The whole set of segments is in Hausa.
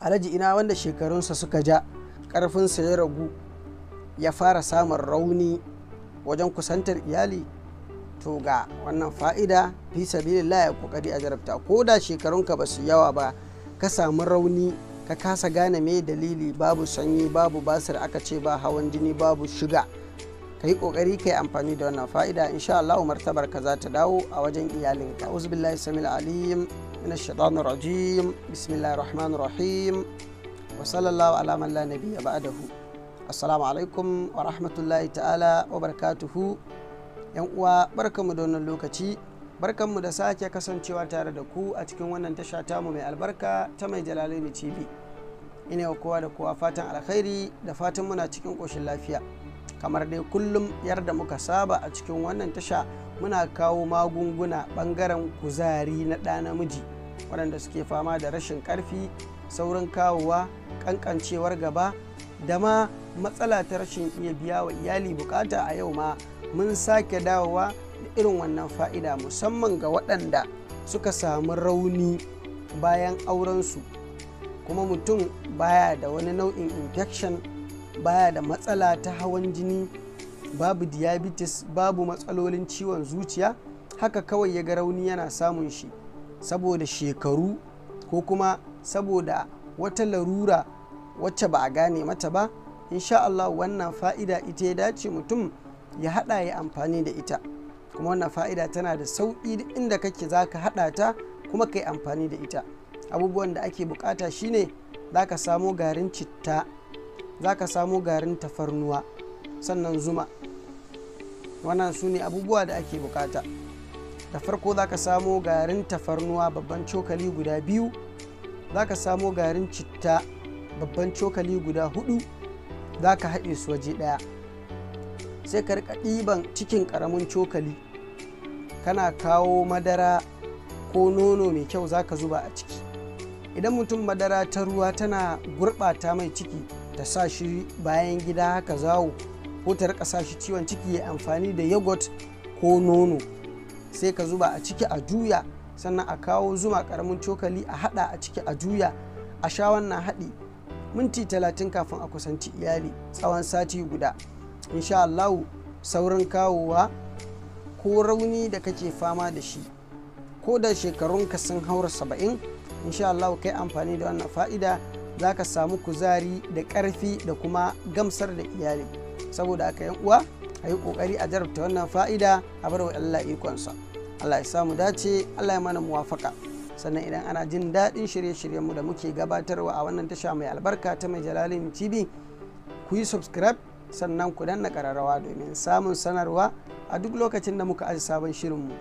alhaji ina wanda shekarunsa suka ja ƙarfinsa ya ragu ya fara samun rauni wajen kusantar iyali to ga wannan fa'ida fi sabilillah ya kokari a jarabta ko da shekarunka ba su yawa ba ka samu rauni ka kasa gane me dalili babu sanyi babu basir aka ce ba hawan jini babu shiga ka yi kokari ka yi amfani da wannan fa'ida insha Allah martabar ka za ta dawo a wajen iyalinka uzu billahi samil alim min ash-shaytanir rajim bismillahir rahmanir rahim wa sallallahu ala man la nabiyya ba'dahu assalamu alaikum wa rahmatullahi ta'ala wa barakatuhu yan uwa barkamu da wannan lokaci barkanmu da sake kasancewa tare da ku a cikin wannan tasha tamu mai albarka ta mai jalalaini tv ina kowa da kowa fatan alkhairi da fatan muna cikin koshin lafiya kamar dai kullum yarda muka saba a cikin wannan tasha muna kawo magunguna bangaren kuzari na ɗa namiji waɗanda suke fama da rashin ƙarfi saurin kawowa ƙanƙancewar gaba da ma matsala ta rashin iya biya wa iyali bukata a yau ma mun sake dawowa da irin wannan fa'ida musamman ga waɗanda suka samu rauni bayan aurensu kuma mutum baya da wani nau'in infection baya da matsala ta hawan jini babu diabetes babu matsalolin ciwon zuciya haka kawai ya ga rauni yana samun shi saboda shekaru ko kuma saboda wata larura wacce ba a gane mata ba insha Allah wannan fa'ida ita ya dace mutum ya haɗa ya amfani da ita kuma wannan fa'ida tana da sauƙi inda kake za ka haɗa ta kuma ka yi amfani da ita abubuwan da ake bukata shine za ka samo garin citta za ka samu garin tafarnuwa sannan zuma wannan su ne abubuwa da ake bukata da farko za ka samo garin tafarnuwa babban cokali guda biyu za ka samo garin citta babban cokali guda hudu za ka haɗe su waje ɗaya sai ka rika ɗiban cikin ƙaramin cokali kana kawo madara ko nono mai kyau za ka zuba a ciki idan mutum madara ta ruwa tana gurɓata mai ciki ta sa shi bayan gida haka zawo ko ta rika sa shi ciwon ciki ya amfani da yogurt ko nono sai ka zuba a ciki a juya sannan a kawo zuma karamin cokali a hada a ciki a juya a sha wannan haɗi minti talatin kafin a kusanci iyali tsawon sati guda insha Allahu saurin kawowa ko rauni da kake fama da shi ko da shekarunka sun haura saba'in insha Allah kai amfani da wannan fa'ida za ka samu kuzari da ƙarfi da kuma gamsar da iyali saboda aka yan uwa a yi ƙoƙari a jarabta wannan fa'ida a bar wa Allah ikonsa Allah ya samu dace Allah ya mana muwafaka sannan idan ana jin daɗin shirye shiryen mu da muke gabatarwa a wannan tasha mai albarka ta mai jalalin tv ku yi subscribe sannan ku danna ƙararrawa domin samun sanarwa a duk lokacin da muka aji sabon shirinmu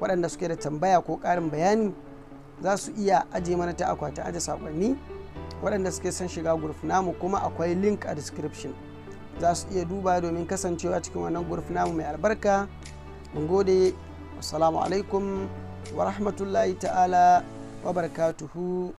waɗanda suke da tambaya ko ƙarin bayani za su iya aje mana ta akwatin aje saƙonni waɗanda suke son shiga gurf namu kuma akwai link a description za su iya duba domin kasancewa cikin wannan gurfinamu namu mai albarka mun gode assalamu alaikum wa rahmatullahi ta'ala wa barakatuhu